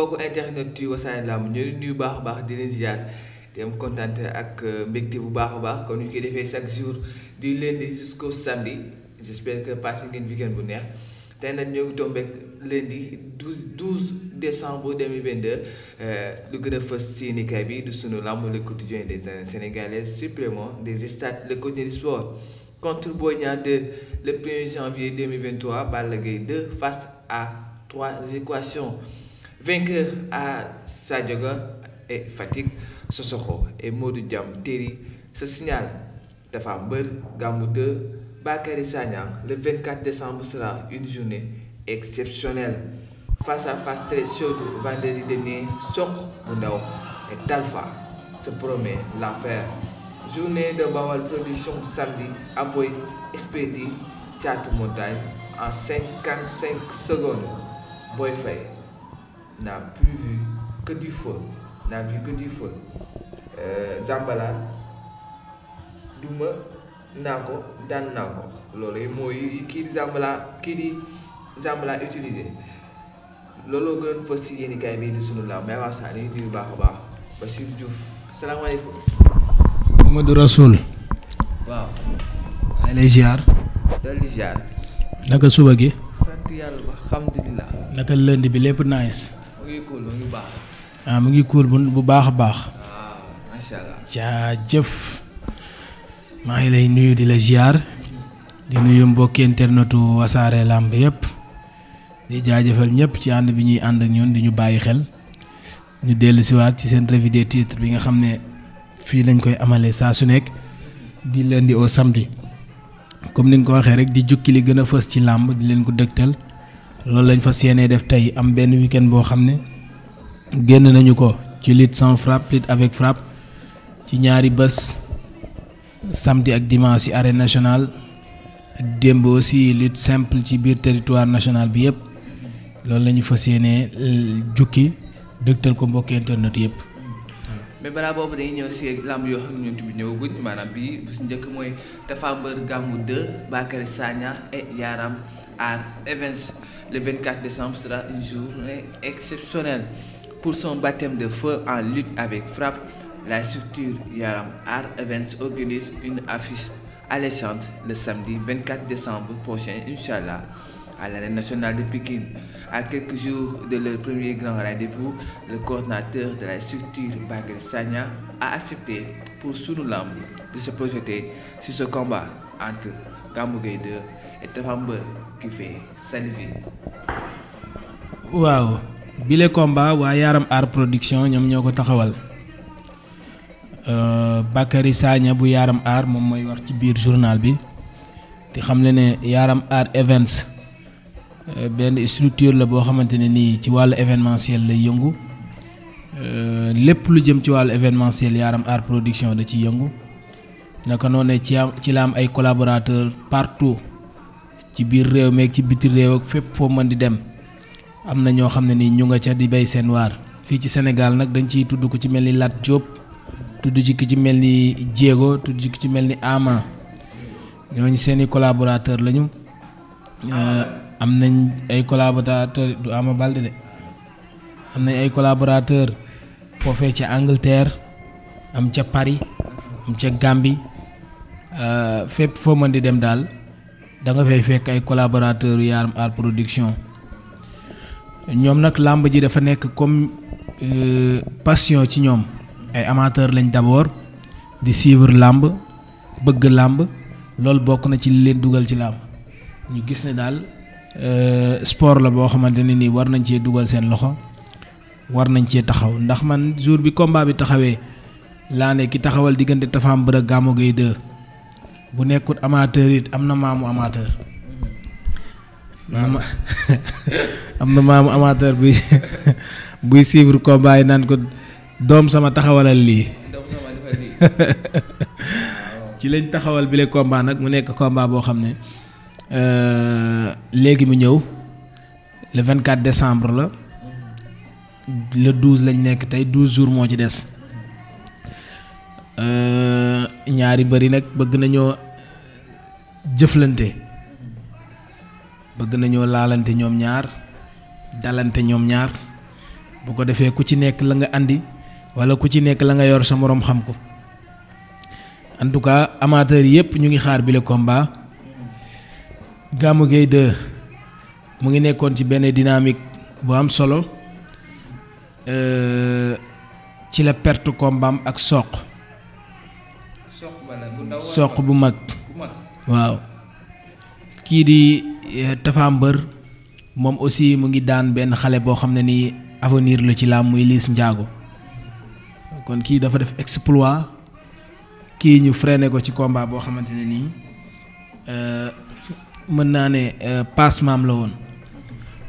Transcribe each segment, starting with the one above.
mbokku internet yu Wassare Lamb ñoo leen nuyu baax a baax di leen ziar di am kontaan ak euh, mbégte bu baax a baax kon ñu koy defee chaque jour di lundi jusqu'au samedi j'espère que passé ngeen weekend bu neex tey nag ñoo ngi tombé lundi 12 12 décembre 2022 euh, lu gën a fës ci yéenekaay bi du sunu lamb le quotidien des années sénégalaises supplément des stades le quotidien du sport contre Boy Niang 2 le 1er janvier 2023 Balla Gaye 2 face à trois équations Vainqueur à Sadioga et Fatick Sosokho et Modou Diam Terry se signalent Tapha Mbeur Gamou 2 Bakary Sagna le 24 décembre sera une journée exceptionnelle face à face très chaude vendredi dernier Sokh bu Ndaw et Talfa se l'enfer journée de Bawal production samedi Aboy Espédi Thiatou Montagne en 55 secondes Boy n'a plus vu que du feu, n'a vu que du feu. Euh, duma naa ko daan naa ko loolu mooy kii di Zambala kii di Zambala utilisé looloo gën fës si yéen i kaay bii di sunu laaw may wax saa di baax a baax Bassirou Diouf salaamaaleykum. Mamadou Rasoul. waaw. maa lay ziar. daal di ziar. naka suba gi. sant yàlla ba alhamdulilah. naka lënd bi lépp nice. ah mu ngi cool bu baax a baax. Ah, macha jëf. maa ngi lay nuyu di la ziar. di nuyu mbokki internetu wasaare làmb yëpp. di jaajëfal ñëpp ci ànd bi ñuy ànd ak ñun di ñu bàyyi xel. ñu dellu siwaat ci seen revue des titres bi nga xam ne fii lañ koy amalee saa su nekk. di leen di samedi. comme ni nga ko waxee rek di jukki li gën fës ci làmb di leen ko dëgtal. loolu lañ fa yéenee def tey am benn week boo xam ne génn nañu ko ci lutte sans frappe lutte avec frappe ci ñaari bés samedi ak dimance ci arène nationale ak démb aussi lutte simple ci biir territoire national bi yëpp loolu la fa fas euh, jukki dëgtal ko mbokki internet yëpp. mais balaa boobu dañuy ñëw si lamb yoo xam ne ñoom bi ñëwaguñ maanaam bii bu njëkk mooy Tapha Mbeur Gamou 2 Bakary Sagna et Yaram Ar Evans. le 24 décembre sera une journée exceptionnelle pour son baptême de feu en lutte avec frappe. La structure Yaram Art Events organise une affiche alléchante le samedi 24 décembre prochain, Inch'Allah, à l'arène nationale de Pékin. À quelques jours de leur premier grand rendez-vous, le coordinateur de la structure Bagel Sanya a accepté pour Sunulam de se projeter sur ce combat entre Kamugay 2 et Tapha Mbeur qui fait saliver. waaw bile combat waa Yaram Art Production ñoom ñoo ko taxawal euh, Bakary Sagna bu yaaram aar moom mooy wax ci biir journal bi di xam ne ne yaaram Art Events euh, benn structure la boo xamante ne nii ci wàllu événementiel lay yëngu euh, lépp lu jëm ci wàllu événementiel Yaram aar Production da ciy yëngu naka noonu ci ci la am ay collaborateurs partout. ci biir réew meeg ci biti réew ak fépp foo mën di dem am na ñoo xam ne nii ñu nga ca di bay seen waar fii ci senegal nag dañ ciy tudd ku ci mel ni laat Diop tudd ci ci mel ni jéego tudd ci ci mel ni Ama ñooñu seen i collaborateur lañu am nañ ay collaborateur du Ama Baldé de am nañ ay collaborateur foofee ca Angleterre am ca Paris am ca Gambie fépp foo mën di dem daal da nga fekk ay collaborateurs yu Yaram Art Production ñoom nag làmb ji dafa nekk comme euh, passion ci ñoom ay amateurs lañ d'abord di suivre làmb bëgg làmb loolu bokk na ci li leen dugal ci làmb ñu gis ne daal euh, sport la boo xamante ne nii war nañ cee dugal seen loxo war nañ cee taxaw ndax man jour bi combat bi taxawee laa ne ki taxawal diggante Tapha Mbeur ak Gàmmu Gueye 2 bu nekkul amateur it am na maamu amateur. am na maamu amateur buy buy suivre combat yi naan ko doom sama taxawalal lii. ci lañ taxawal bile combat nag mu nekk combat boo xam ne euh, léegi mu ñëw le 24 décembre la le 12 lañ nekk tey 12 jours moo ci des. Euh, ñaari bëri nag bëgg nañoo jëflante bëgg nañoo laalante ñoom ñaar dalante ñoom ñaar bu ko defee ku ci nekk la nga andi wala ku ci nekk la nga yor sa moroom xam ko en tout cas amateurs yëpp ñu ngi xaar bile combat Gamou Gueye 2 mu ngi nekkoon ci benn dynamique bu am solo euh, ci la perte combat am ak soq. soq bu mag waaw kii di eh, Tafa Mbër moom aussi mu ngi daan benn xale boo xam ne nii avenir la ci laa muy liis njaago kon kii dafa def exploit kii ñu freiné ko ci combat boo xamante ne nii eh, mën naa ne eh, passe maam la woon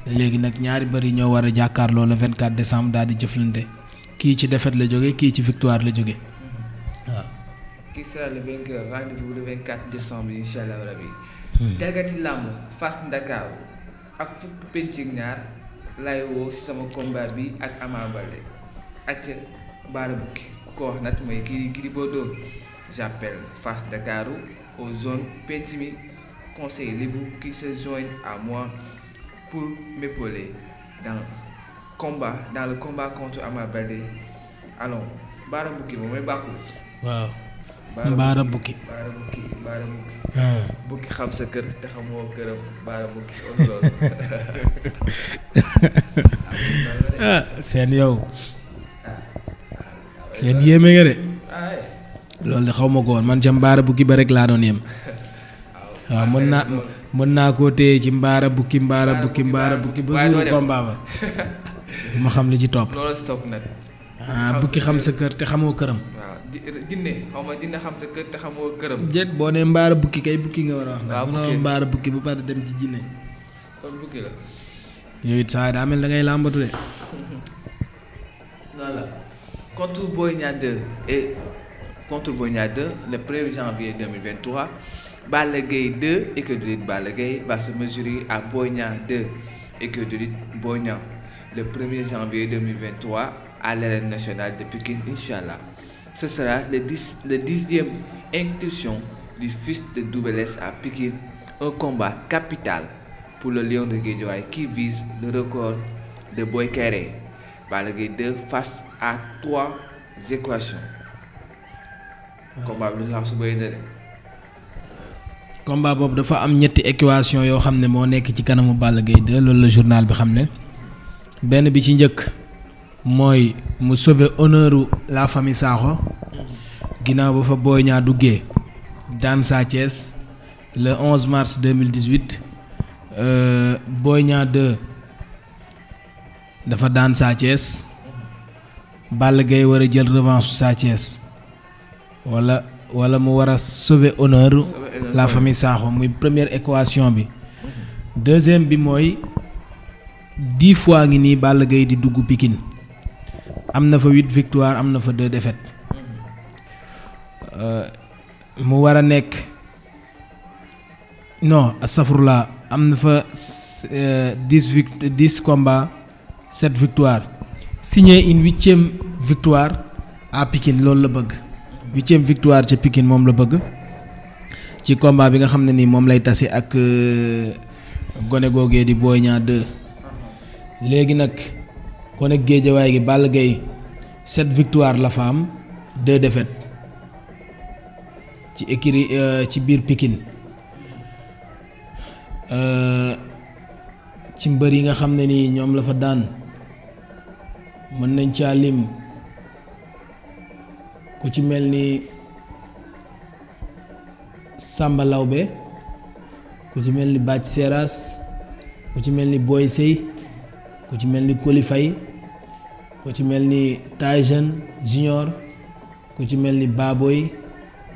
léegi nag ñaari bëri ñoo war a jàkkaarloo le 24 décembre daal di jëflante kii ci defet la jóge kii ci victoire la jóge qui sera le vainqueur rendez-vous le 24 décembre incha allah rabi. Hmm. làmb Fass Ndakaaru ak fukki penc ñaar laay woo si sama combat bi ak Ama Baldé ak Baara Bukki ku ko wax nag mooy kii di boo Ndakaaru aux zones penc mi conseil libre qui se joignent à mois pour m'épauler dans combat dans le combat contre Ama Baldé alors Baara Bukki mooy bàkku waaw baara bukki bukki ah. sa kër te xamoo ah, seen yow ah. seen yéeme nga de loolu de xaw ma ko woon man ca mbaara bukki ba rek laa doon yem waaw mën naa mën naa koo téye ci mbaara bukki mbaara bukki mbaara bukki ba suuru combat ba du ma xam li ci topp ah bukki xam sa kër te xamoo këram jinne xaw jinne xam sa kër te xamoo këram. déet boo nee mbaara bukki kay bukki nga war a wax. waaw bukki munoo mbaara bukki ba pare dem ci jinne. kon bukki la. yooyu it saa daa mel da ngay làmbatu de. voilà contre Boy Niang 2 et janvier 2023 Balla de lutte Balla Gaye va se mesurer à Boy Niang 2 écurie de lutte Boy Niang le 1er janvier 2023 à l'arène de Pikine inchallah Ce sera le, 10, le dixième incursion du fils de Doubelès à Pékin, un combat capital pour le Lion de Guédiawaye qui vise le record de Boy Kairé. Balaguer 2 face à trois équations. combat bi su bëri boobu dafa am ñetti équation yoo xam ne moo nekk ci kanamu Balla Gaye 2 loolu la journal bi xam ne benn bi ci njëkk. mooy mu sauver honneuru la famille Sakho mm-hmm. ginnaaw ba fa Boy Niang duggee daan Sa le 11 mars 2018 euh, Boy Niang 2 dafa daan Sa Thiès Balla war a jël revanche Sa Thiès wala wala mu war a sauver honneur la famille Sakho muy première équation bi deuxième bi mooy dix fois ngi nii Balla Gaye di dugg Pikine am na fa huit victoire am na fa deux défaites euh, mu war a nekk no astafurlah am na fa euh, dix vict dix combats sept victoire signé une huitième victoire à Pikine loolu la bëgg huitième victoire ca Pikine moom la bëgg ci combat bi nga xam ne ni moom lay tase ak euh, gone googee di Boy Niang 2 léegi nag. kon ak géejawaay gi Balla Gaye sept victoire la fa am deux ci écurie euh, ci biir Pikine euh, ci mbër yi nga xam ne nii ñoom la fa daan mën nañ caa lim ku ci mel ni Samba Lawbe ku ci mel ni Bathie Seras ku ci mel ni booy Sey ku ci mel ni kolifay ko ci mel ni Tyson Junior ku ci mel ni Baboy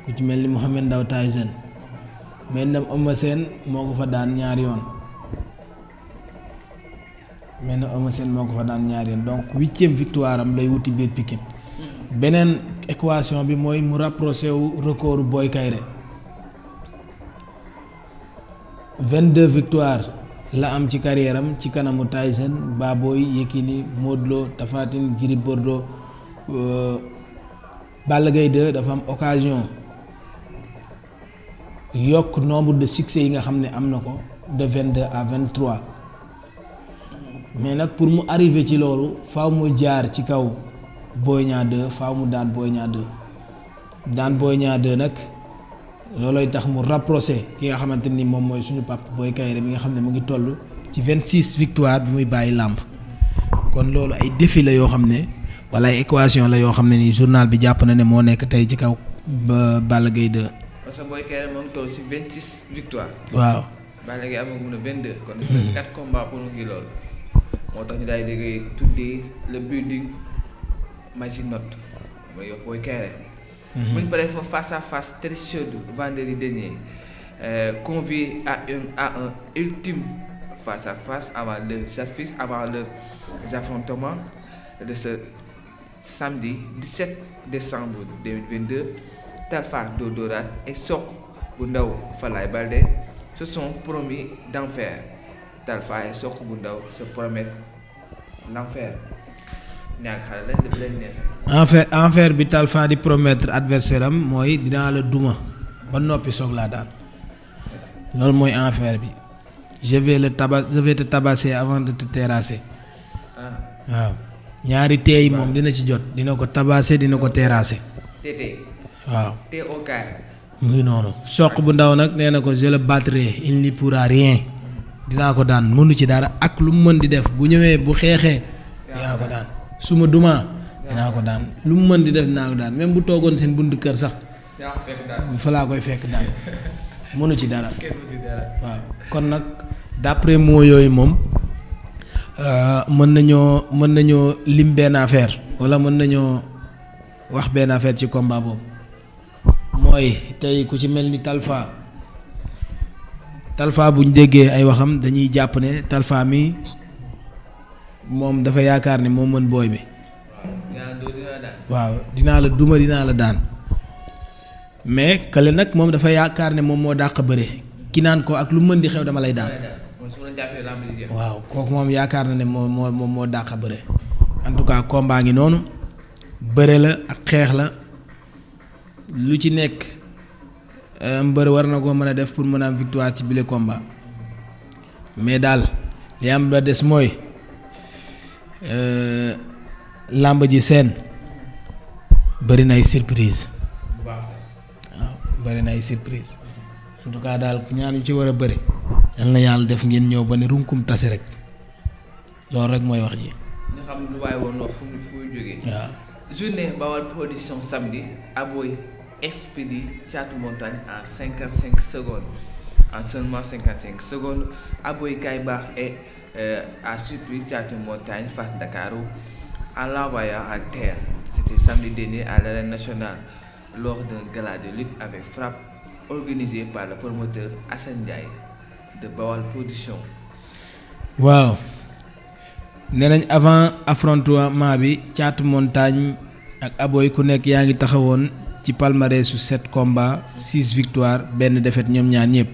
ku ci mel ni Mohamed Ndao Tyson mais ndam Eumeu moo ko fa daan ñaari yoon mais na Eumeu Sène moo ko fa daan ñaari yoon donc huitième victoire am lay wuti biir pikin beneen équation bi mooy mu rapproché wu record Boy Kayre vingt-deux la am ci carrière am ci kanamu Tyson Baboy Yekini Modou Lo Tapha Tine Gris Bordeaux euh, Balla Gaye 2 dafa am occasion yokk nombre de succès yi nga xam ne am na ko de 22 à vingt 23 mais nag pour mu arriver ci loolu faw mu jaar ci kaw Boy Niang 2 faaw mu daan Boy Niang 2 daan Boy Niang 2 nag. loolooy tax mu rapproché ki nga xamante ni moom mooy suñu pap booy Kayre bi nga xam ne mu ngi toll ci vingt six victoire bi muy bàyyi làmp kon loolu ay défi la yoo xam ne wala ay équation la yoo xam ne ni journal bi jàpp na ne moo nekk tey ci kaw ba Balla Gaye parce que Boy Kayre moo ngi toll ci vingt six victoire. waaw Balla Gaye amagum na vingt deux. kon def hmm. moo tax ñu daal di tuddee le building machine note mooy Boy Kayre. Mhm. bu ñu paree foofu face à face très chaud vendredi dernier euh, à un ultime face à face avant leurs affiches avant leurs affrontements de ce samedi décembre 2022 Talfa Dodorat et Sokh bu ndaw Falaye Baldé se sont promis d'en faire Talfa et Sokh bu ndaw se promettent l'enfer enfer enfer bi Talfa di promettre adversaire am mooy dinaa la duma ba noppi soog laa daan loolu mooy enfer bi je vais le taba avant de te terrasser ah. waaw ñaari teey moom dina ci jot dina ko tabase dina ko terrasser waaw mu noonu soq bu ndaw nag nee na ko je le battrai il n'y pourra rien dinaa ko daan mënu ci dara ak lu mu mën di def bu ñëwee bu xeexee dinaa ko daan suma ma dumaa dinaa ko daan lu mu mën di def dinaa ko daan même bu toogoon seen buntu kër sax fa laa koy fekk daan mënu ci dara waaw kon nag d'après mots yooyu moom euh, mën nañoo mën nañoo lim benn affaire walla mën nañoo wax benn affaire ci combat boobu mooy tey ku ci mel ni Talfa Talfa buñ déggee ay waxam dañuy jàpp ne Talfa mi moom dafa yaakaar ni moo mën booy bi. waaw dinaa la duma dinaa la daan. mais kële nag moom dafa yaakaar ne moom moo dàq bëre ki naan ko ak lu mën di xew dama lay daan. waaw kooku moom yaakaar na ne moom moo moom moo dàq bëre. en tout cas combat ngi noonu bëre la ak xeex la lu ci nekk euh, mbër war na koo mën a def pour mën a am victoire ci bile komba mais daal li la des mooy. Euh, làmb ji seen bëri na ay surprise waaw bëri na ay surprise en tout daal ñaan yu ci war a bëri yal na yàlla def ngeen ñëw ba ne runkum tase rek loolu rek mooy wax ji nga xam lu waaye woon wax fu mu fu mu jógee waaw journée Production samedi Aboy expédie Thiatou Montagne en cinquante cinq secondes en seulement cinquante cinq secondes Baax Eh, a surpris Thiatou Montagne face Dakaru en l'envoyant à terre. à l'arène nationale lors d'un gala de lutte avec frappe organisé par le de Bawal Production. waaw nee nañ avant affrontement bi caatu Montagne ak Aboy ku nekk yaa ngi taxawoon ci palmarès su sept combats six victoires benn défaite ñoom ñaar ñëpp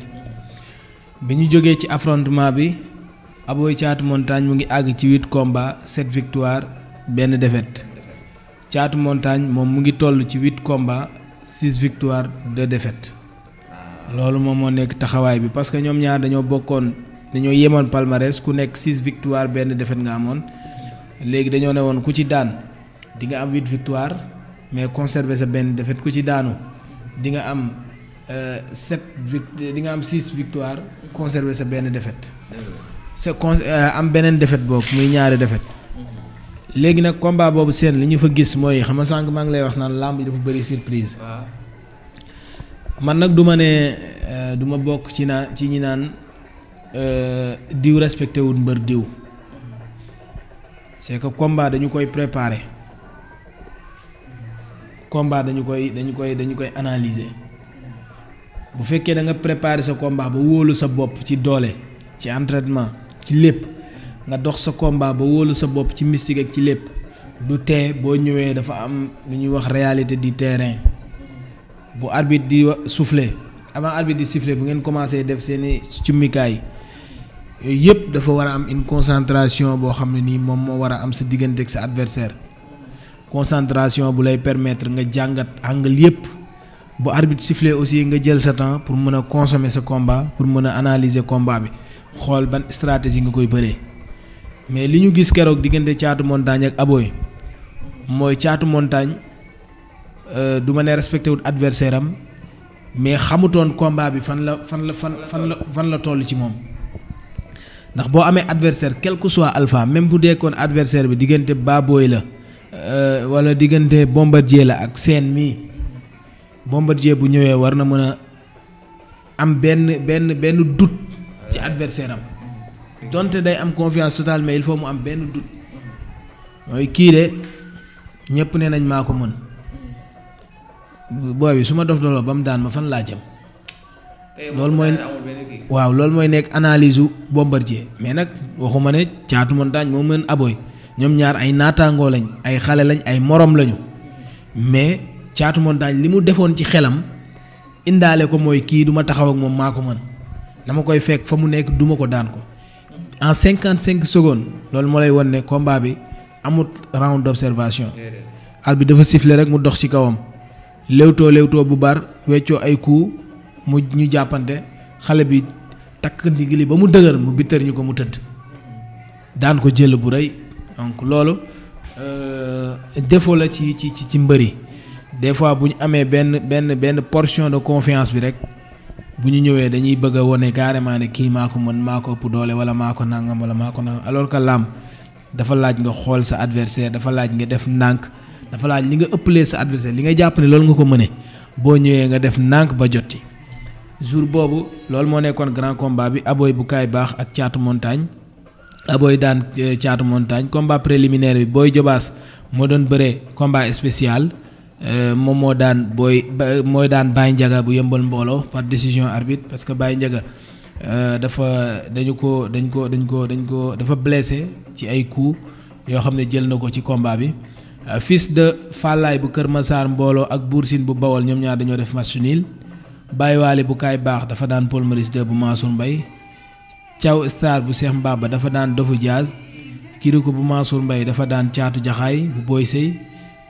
bi ñu jógee ci affrontement bi. Aboy Caatu Montagne mu ngi àgg ci huit combats sept victoire benn défaite Caatu Montagne moom mu ngi toll ci huit combats six victoire de défaites loolu moom moo nekk taxawaay bi parce que ñoom ñaar dañoo bokkoon dañoo yemoon palmarès ku nekk six victoire benn défaite nga amoon léegi dañoo ne woon ku ci daan di nga am huit victoire mais conserver sa benn défaite ku ci daanu di nga am euh, sept vict di nga am six victoire conserver sa benn défaite. sa con euh, am beneen défaite boobu muy ñaari défaite léegi nag combat boobu seen li ñu fa gis mooy xam nga sànq maa ngi lay wax naan làmb yi dafa bëri surprise. man nag du ma ne euh, duma bokk ci naa ci ñi naan euh, diw respecté wul mbër diw c'est que combat dañu koy préparer combat dañu koy dañu koy dañu koy analyser bu fekkee da nga préparer sa combat ba wóolu sa bopp ci doole ci entraînement ci lépp nga dox sa combat ba wóolu sa bopp ci mystique ak ci lépp du tee boo ñëwee dafa am lu ñuy wax réalité di terrain bu arbitre di souffler avant arbitre di siffler bu ngeen commencé def seeni cummikaay yooyu yëpp dafa war a am une concentration boo xam ne nii moom moo war a am sa diggante ak sa adversaire concentration bu lay permettre nga jàngat angle yëpp bu arbitre siffler aussi nga jël sa temps pour mën a consommer sa combat pour mën a analyser combat bi xool ban stratégie nga koy bëree mais li ñu gis keroog diggante caatu montagne ak aboy mooy caatu montagne euh, du ma ne respecté wul adversaire am mais xamutoon combat bi fan la fan la fan fan la fan la toll ci moom ndax boo amee adversaire quel que soit alpha même bu dee koon adversaire bi diggante baabooy la euh, wala diggante bombardier la ak seen mii bombardier bu ñëwee war na mën a am benn benn benn doute ci adversaire donte day am confiance totale mais il faut mu am benn doute mooy kii de ñépp ne nañ maa ko mën booy bi su ma dof doloo ba mu daan ma fan laa jëm loolu mooy waaw loolu mooy nekk analyse u bombardier mais nag waxuma ne caatu montagne moo mën aboy ñoom ñaar ay naataangoo lañ ay xale lañ ay moroom lañu mais caatu montagne li mu defoon ci xelam indaale ko mooy kii du ma taxaw moom maa ko mën dama koy fekk fa mu nekk duma ko daan ko en cinquante cinq secondes loolu moo lay wan ne combat bi amut round d'observation al bi dafa siffler rek mu dox ci kawam léewtoo léewtoo bu bar weccoo ay coups mu ñu jàppante xale bi takk ndigg li ba mu dëgër mu bitter ñu ko mu tëdd daan ko jël bu rëy donc loolu euh, défaut la ci ci ci mbëri des fois bu ñu amee benn benn benn portion de confiance bi rek bu ñu ñëwee dañuy bëgg a wane carrément ne kii maa ko mën maa ko ëpp doole wala maa ko nangam wala maa ko nangam alors que làmb dafa laaj nga xool sa adversaire dafa laaj nga def ndànk dafa laaj li nga ëppalee sa adversaire li nga jàpp ne loolu nga ko mëne boo ñëwee nga def ndànk ba jot jotti jour boobu loolu moo nekkoon grand combat bi aboy bu kaay baax ak caatu montagne aboy daan caatu eh, montagne combat préliminaire bi booy jobaas moo doon bëree combat spécial Euh, moom moo daan booy mooy daan Baye Ndiaga bu yëmbal mbooloo par décision arbitre parce que Baye Ndiaga euh, dafa dañu ko dañ ko dañ ko dañ ko dafa blessé ci ay coups yoo xam ne jël na ko ci komba bi euh, fils de fàllaay bu Kër masaar mbooloo ak Boursine bu Bawol ñoom ñaar dañoo def match nul Baye Waly bu Kaay Baax dafa daan Paul Maurice bu Mansour mbay caw Star bu mbaam ba dafa daan Dofu Diaz ko bu Mansour mbay dafa daan Caatu Jaxaay bu booy Sey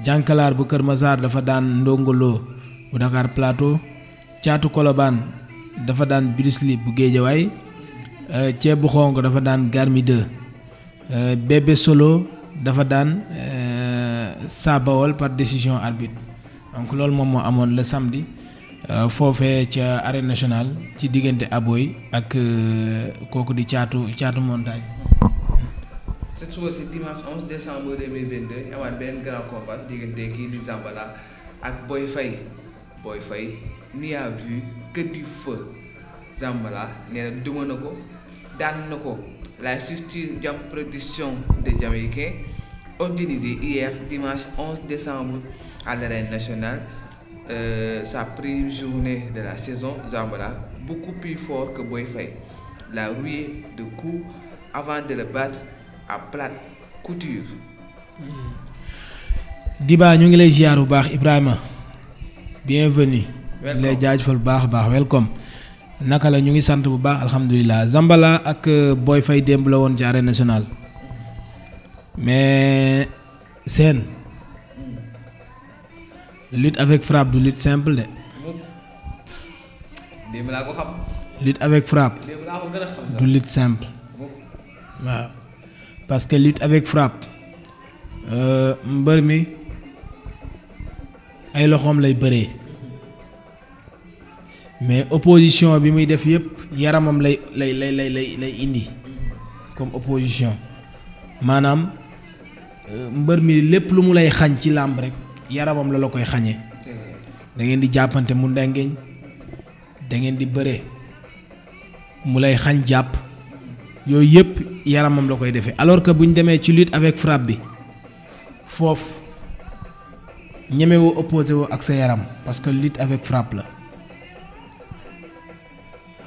jànkalaar bu Kër Masaar dafa daan ndongoloo bu Dakar Plateau caatu kolobaan dafa daan brisli bu géejawaay euh, ceeb bu xonq dafa daan garmi 2 euh, bébé solo dafa daan euh, saabawal par décision arbitre donc loolu moom moo amoon le samedi foofe ca arène national ci diggante aboy ak kooku di caatu caatu montagne cette suba si dimanche 11 décembre 2022 ñu grand combat diggante kii di Zambala ak booy Faye Boy Faye n'y a vu que du feu Zambala nee na duma na ko daan na ko la structure Jam Production de Jamaïcain organisée hier dimanche 11 décembre à l'arène nationale euh, sa première journée de la saison Zambala beaucoup plus fort que Boy Faye l'a roué de coups avant de le battre à plate couture. ñu ngi lay ziar bu baax Ibrahima bienvenue. welcome lay jaajëfal bu baax a baax welcome. naka la ñu ngi sant bu baax alhamdulilah Zambala ak euh, booy fay démb la woon ci arène nationale mais seen lutte avec frappe du lutte simple de. lutte avec frappe. du lutte simple waaw. parce que lutte avec frappe euh, mbër mi ay loxoom lay bëree mais opposition bi muy def yëpp yaramam lay lay lay lay lay indi comme opposition maanaam euh, mbër mi lépp lu mu lay xañ ci làmb rek yaramam la la koy xañee da ngeen di jàppante mu ndengeñ da ngeen di bëre mu lay xañ jàpp yooyu yëpp yaramam la koy defee alors que bu ñu demee ci lutte avec frappe bi foofu ñemewoo opposé woo ak sa yaram parce que lutte avec frappe la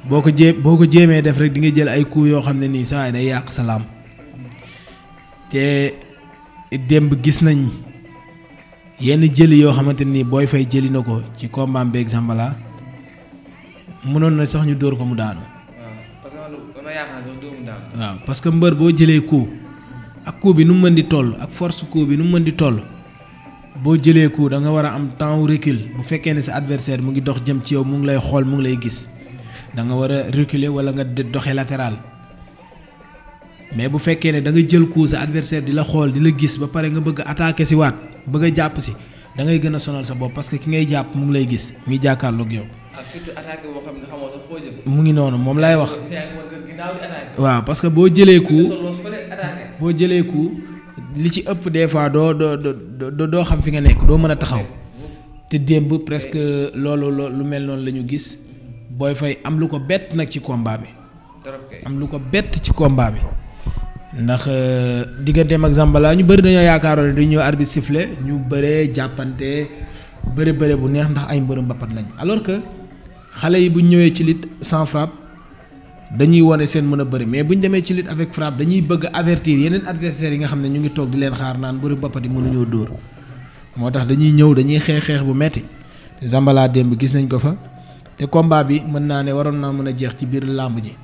boo ko jé boo ko jéemee def rek di nga jël ay coups yoo xam ne nii saa day yàq sa làmb te démb gis nañ yenn jëli yoo xamante nii booy fay jëli na ko ci combat bi exemple mënoon na sax ñu dóor ko mu daanu. waaw parce que mbër boo jëlee coup ak coup bi nu mu mën di toll ak force coup bi nu mën di toll boo jëlee coup da nga war a am temps wu bu fekkee ne sa adversaire mu ngi dox jëm ci yow mu ngi lay xool mu ngi lay gis da nga war a reculer wala nga doxee latéral mais bu fekkee ne da jël coup sa adversaire di la xool di la gis ba pare nga bëgg a attaquer si waat bëgg a jàpp si da ngay gën a sonal sa bopp parce que ki ngay jàpp mu ngi lay gis muy jàkkaarloog yow. mu ngi noonu moom laay wax. waaw parce que boo jëlee ku. boo jëlee ku li ci ëpp des fois doo doo doo doo xam fi nga nekk doo mën a taxaw. te démb presque loolu lu mel noonu la ñu gis. booy fay am lu ko bett nag ci combat bi. am lu ko bett ci combat bi. ndax euh, digganteem ak Zambala ñu bari dañoo yaakaaroon ne dañu ñëw arbitre ñu bëree jàppante bëri bëri bu neex ndax ay mbërëm bappat lañ alors que. xale yi bu ñu ñëwee ci lutte sans frappe dañuy wone seen mën a bëri mais bu ñu demee ci lutte avec frappe dañuy bëgg avertir yeneen adversaires yi nga xam ne ñu ngi toog di leen xaar naan bëri boppat yi mënuñoo dóor moo tax dañuy ñëw dañuy xeex xeex bu metti te Zambala démb gis nañ ko fa te combat bi mën naa ne waroon naa mën a jeex ci biir làmb ji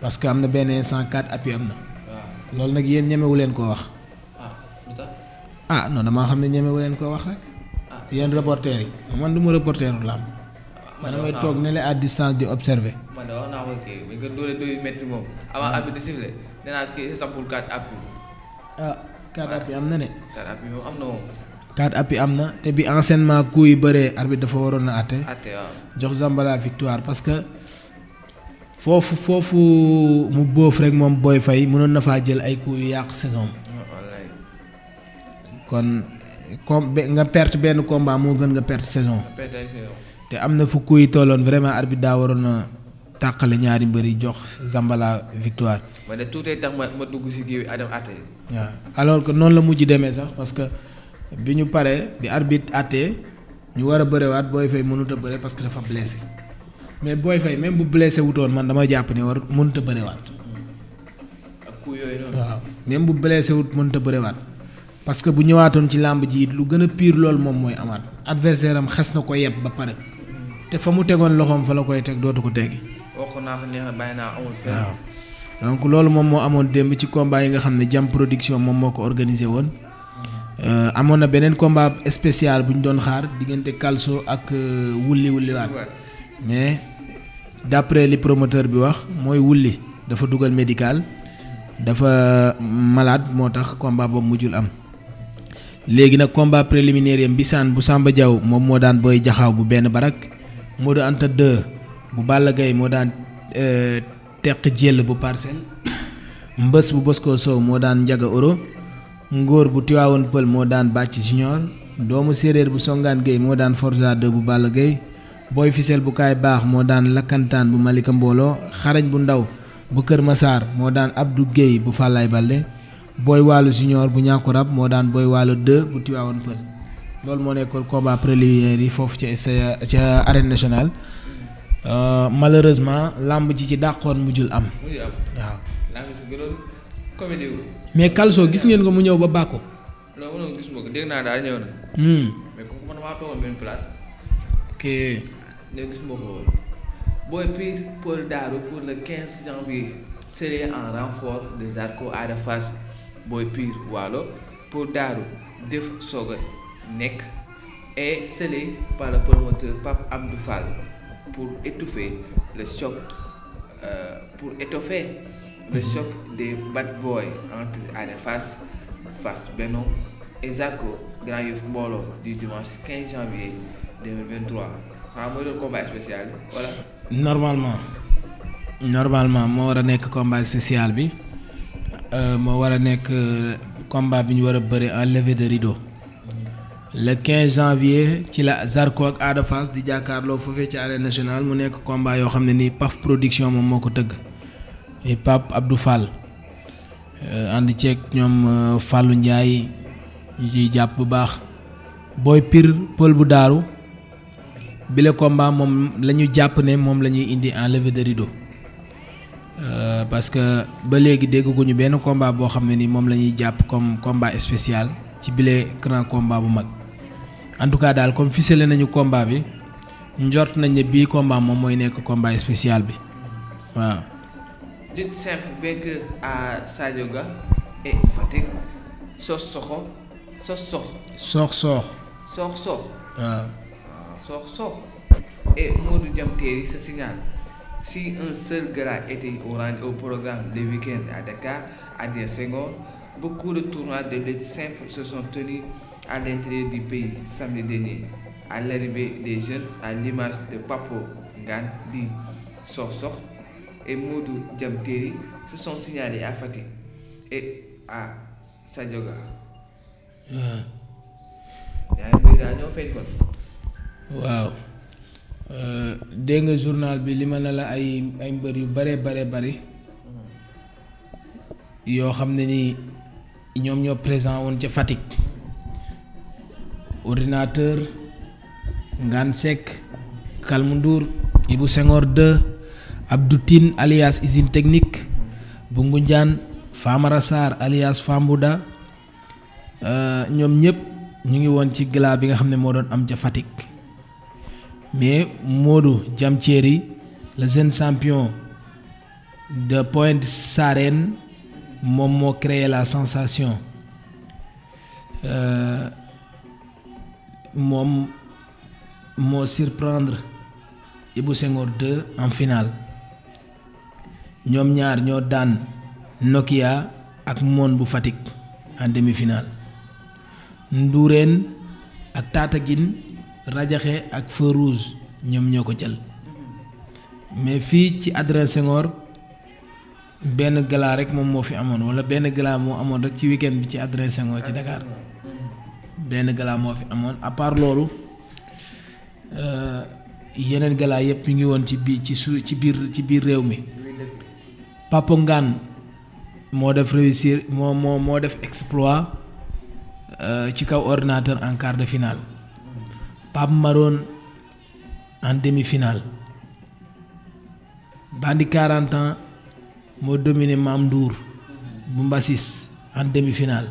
parce que am na benn instant quatre appui am na. loolu nag yéen ñemewu leen koo wax. Ah, ah non damaa xam ne ñemewu leen koo wax rek. Ah. yéen reporter yi man du ma reporteru làmb man damay toog ne la à di observer. man ah. de wax ah, am na ne. 4 appui moom am na moom. am na te bi enchaînement coup yi bëree arbitre dafa waroon na àtte. àtte jox Zambala victoire parce que. foofu foofu mu boof rek moom booy Faye mënoon na faa jël ay coups yu yàq saison oh, kon comme nga perte benn combat moo gën nga perte saison. te am na fu kuy tolloon vraiment arbitre daa waroon a tàqale ñaari mbëri jox Zambala victoire. ma ne tuutee tax ma ma dugg si kii Adam àtte. waaw alors que noonu la mujj demee sax parce que bi ñu paree bi arbitre àttee ñu war a bërewaat booy fa mënut a bëre parce que dafa blessé mais booy Faye même bu blessé wutoon man dama jàpp ne war mënut a bërewaat. ak même bu blessé wut mënut a bërewaat. parce que bu ñëwaatoon ci làmb ji it lu gën a piir loolu moom mooy amaat adversaire am xas na ko yeb ba pare. te fa mu tegoon loxoom fa la koy teg dootu ko teggi. wax naa ko neex naa amul fenn. waaw donc loolu moom moo amoon démb ci combat yi nga xam ne jàm production moom moo ko organisé woon. Euh, amoon na beneen combat spécial bu ñu doon xaar diggante Kalso ak euh, wulli wulliwaat mais d'après li promoteur bi wax mooy wulli dafa dugal médical dafa euh, malade moo tax combat boobu mujjul am léegi nag combat préliminaire yam bisaan bu Samba Diaw moom moo daan booy jaxaw bu benn barak Modou Anta 2 bu Balla gay moo daan euh, teq jël bu parcelle mbës bu Bosco Sow moo daan njaga oro ngóor bu Tiwaawoon Pël moo daan bàcc junior doomu séréer bu Songaan Gueye moo daan Forza 2 bu Balla Gaye booy fisel bu kaay baax moo daan lakkantaan bu Malika Mbooloo xarañ bu ndaw bu Kër Masaar moo daan Abdou Gueye bu Fàllaay Balde booy waalu junior bu ñàkku rab moo daan booy waalu de bu Tiwaawoon Pël loolu moo nekkoon combat préliminaire yi foofu ci sa ca arène nationale euh, malheureusement làmb ji ci dàqoon mujjul am. mais Calcio gis ngeen ko mu ñëw ba bàkko. loolu gis na. Hmm. mais kooku man maa toogoon benn place. ok. léegi gis nga ko booy pire Paul Darou pour le janvier. serré en renfort des Arco Ada Fass booy pire Waalo Paul Darou def Soga. nekk est scellé par le promoteur Pape Abdou Fall pour étouffer le choc euh, pour étoffer le mhm. choc des bad boys entre Ada Fass Fass Benno et Zarko Grand Yoff Mbooloo di dimanche 15 janvier 2023 ah mooy doon combat spécial bi voilà. normalement normalement moo war a nekk combat spécial bi euh, moo war a nekk euh, combat bi ñu war a bëri en levée de rideau le 15 janvier ci la Zarko ak Ada Fass di jàkkaarloo foofee ci arène nationale mu nekk combat yoo xam ne nii Paf production moom moo ko tëgg Pape Abdou Fall euh, ànd ceeg ñoom euh, fàllu Ndiaye ñu ciy jàpp bu baax booy piir pël bu daaru bile combat moom la ñu jàpp ne moom la ñuy indi en levée de rideau euh, parce que ba léegi dégguñu benn combat boo xam ne ni moom la ñuy jàpp comme combat spécial ci bile grand combat bu mag en tout cas daal comme ficelé nañu combat bi njort nañ ne bii moom mooy nekk combat spécial bi waaw. lutte simple vainqueur à Sadio Ga et Fatick Sox Soxo Sox Sox. Sox Sox. Sox Sox. waaw. Sox ah, Sox. et Modou Diam Terry se signale si un seul gala était au programme le week-end à Dakar à l'intérieur du pays des jeunes à l'image de Papo Ngane dit Sox-Sox et Modou Diamtéry se sont signalés à Fatick et à Sadioga. waaw euh, dégg nga journal bi li ma ne la ay ay mbër yu bare bare bari yoo xam ne ni ñoom ñoo présent woon ca Fatick. ordinateur Ngan Seck Kalmu Ndour Ibou Senghor 2 Abdou Tine alias Usine Technique Bungu Njaan Famara Sarr alias Fambouda euh, ñoom ñëpp ñu ngi woon ci gala bi nga xam ne moo doon am ca Fatick mais Modou Diamthiéry le jeune champion de Pointe Sarène moom moo créé la sensation. Euh, moom moo surprendre Ibou Senghor 2 en finale ñoom ñaar ñoo daan Nokia ak mon bu Fatick en demi-finale Ndourène ak Tataguine Radiakhé ak Feu ñoom ñoo ko jël mais fii ci Adrien Senghor benn gala rek moom moo fi amoon wala benn gala moo amoon rek ci week bi ci Adrien Senghor ci Dakar benn gala moo fi amoon à part loolu euh, yeneen gala yëpp ñu ngi woon ci biir ci su ci biir ci biir réew mi Papa Ngane moo def réussir moo moo def exploit euh, ci kaw ordinateur en quart de finale Pape Maroon en demi-finale Bandi 40 ans moo dominé Mame Ndour bu mbasis en demi-finale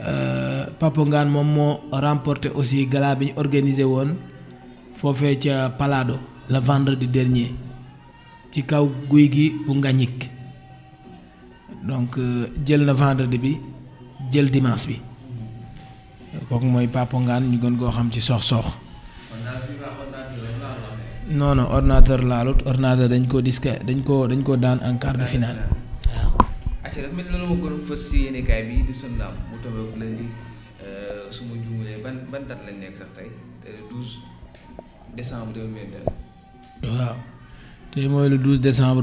Euh, Papa Ngane moom moo remporté aussi gala bi ñu organisé woon foofee ca Palado le vendredi dernier ci kaw guy gi bu Ngañik donc euh, jël na vendredi bi jël dimanche bi kooku mooy Papa Ngane ñu gën koo xam ci soox soox non non ordinateur laalut ordinateur dañ ko disque dañ koo dañ koo daan en quart de finale. acca dafa mel ni loolu moo gën a fës si yéenekaay bi di sunu euh, ban ban lañ nekk sax tey te le 12 décembre 2022. waaw tey mooy le 12 décembre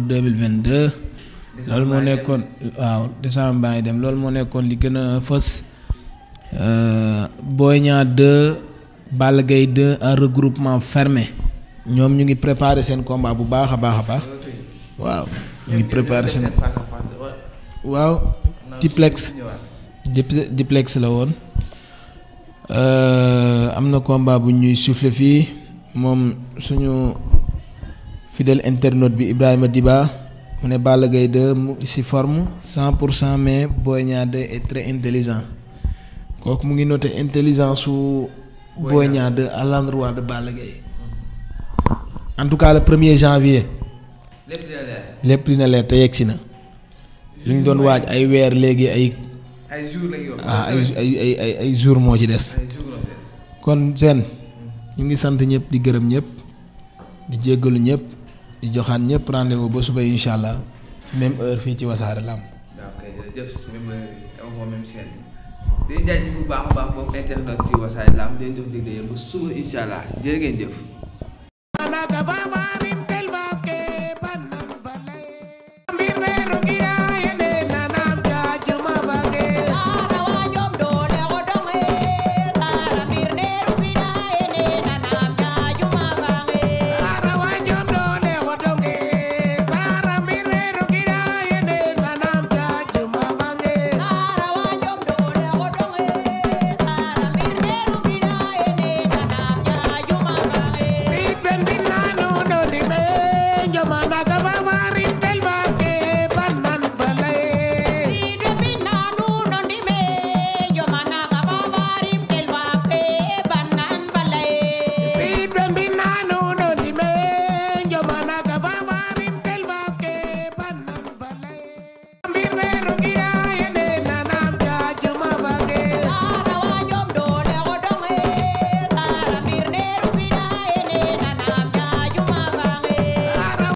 loolu moo nekkoon waaw décembre baa ngi dem loolu moo nekkoon li gën a fës euh, Boy Niang 2 Balla Gaye un regroupement fermé ñoom ñu ngi préparer seen combat bu baax a baax a baax waaw ñu ngi préparer seen. waaw diplex diplex la woon euh, am na combat bu ñuy soufflé fii moom suñu fidèle internaute bi Ibrahima Diba mu ne Balla Gaye 2 mu si forme cent pour cent mais Boy Niang 2 est très intelligent kooku mu ngi noote intelligence su Boy Niang 2 à l'endroit de Balla Gaye mhm. en tout cas le premier janvier lépp dina leer te yegsi na li ñu doon waaj ay weer léegi ay. ay jours lay ah, ay ay jours moo ci des. kon seen ñu ngi sant ñëpp di gërëm ñëpp di jéggalu ñëpp di joxaan ñëpp rendez-vous ba suba incha allah même heure fii ci wasaare lamb. ok jërëjëf di jaajëf bu baax a baax boobu internet ci wasaare lamb di leen jox liggéeyam ba suba incha allah jërë ngeen jëf.